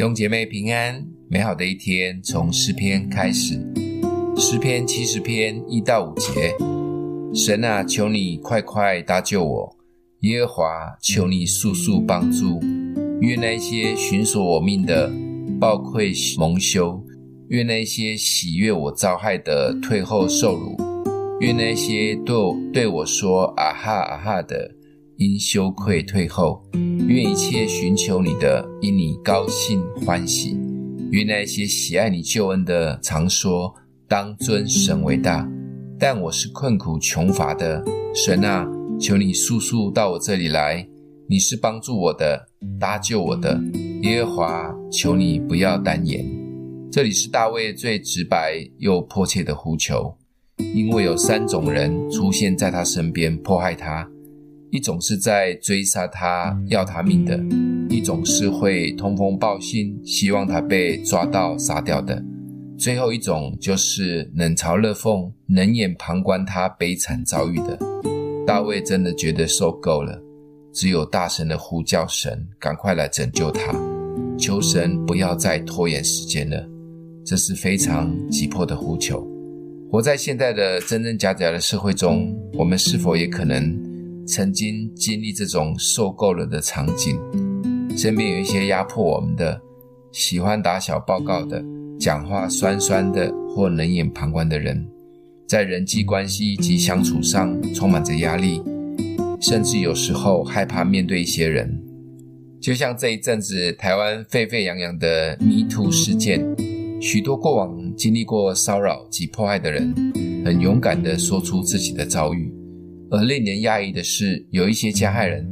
弟兄姐妹平安，美好的一天從詩篇開始。詩篇七十篇一到五節：神啊，求你快快搭救我；耶和華，求你速速幫助。願那些尋索我命的，抱愧蒙羞；願那些喜悅我遭害的，退後受辱；願那些對我對我說“啊哈啊哈”的，因羞愧退後，願一切尋求你的，因你高興歡喜。願那些喜愛你救恩的常說：當尊神為大。但我是困苦窮乏的，神啊，求你速速到我這裡來。你是幫助我的，搭救我的耶和華，求你不要耽延。這裡是大衛最直白又迫切的呼求，因為有三種人出現在他身邊迫害他。一種是在追殺他要他命的，一種是會通風報信，希望他被抓到殺掉的，最後一種就是冷嘲熱諷、冷眼旁觀他悲慘遭遇的。大衛真的覺得受夠了，只有大聲的呼叫神，趕快來拯救他，求神不要再拖延時間了，這是非常急迫的呼求。活在現在的真真假假的社會中，我們是否也可能曾經經歷這種受夠了的場景，身邊有一些壓迫我們的、喜歡打小報告的、講話酸酸的或冷眼旁觀的人，在人際關係及相處上充滿着壓力，甚至有時候害怕面對一些人。就像這一陣子台灣沸沸揚揚的 Me Too 事件，許多過往經歷過騷擾及迫害的人，很勇敢地說出自己的遭遇。而令人訝異的是，有一些加害人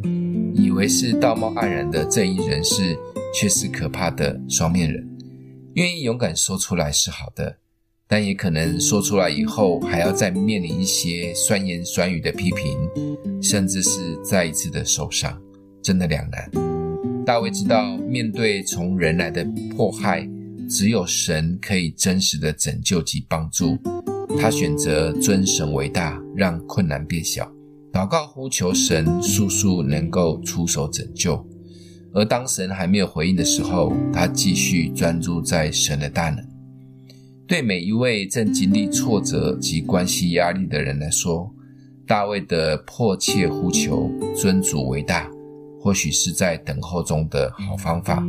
以為是道貌岸然的正義人士，卻是可怕的雙面人。願意勇敢說出來是好的，但也可能說出來以後還要再面臨一些酸言酸語的批評，甚至是再一次的受傷，真的兩難。大衛知道，面對從人來的迫害，只有神可以真實的拯救及幫助。他選擇尊神為大，讓困難變小，禱告呼求神速速能夠出手拯救。而當神還沒有回應的時候，他繼續專注在神的大能。對每一位正經歷挫折及關係壓力的人來說，大衛的迫切呼求尊主為大，或許是在等候中的好方法，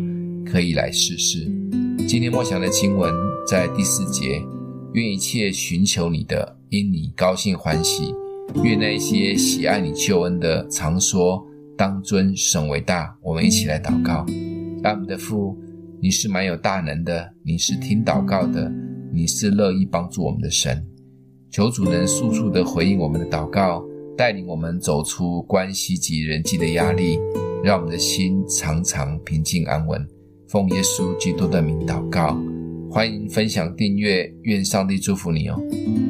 可以來試試。今天默想的經文在第四節。願一切尋求你的，因你高興歡喜；願那些喜愛你救恩的，常說當尊神為大。我們一起來禱告：愛我們的父，你是滿有大能的，你是聽禱告的，你是樂意幫助我們的神。求主能速速地回應我們的禱告，帶領我們走出關係及人際的壓力，讓我們的心常常平靜安穩。奉耶穌基督的名禱告。歡迎分享、訂閱，願上帝祝福你哦。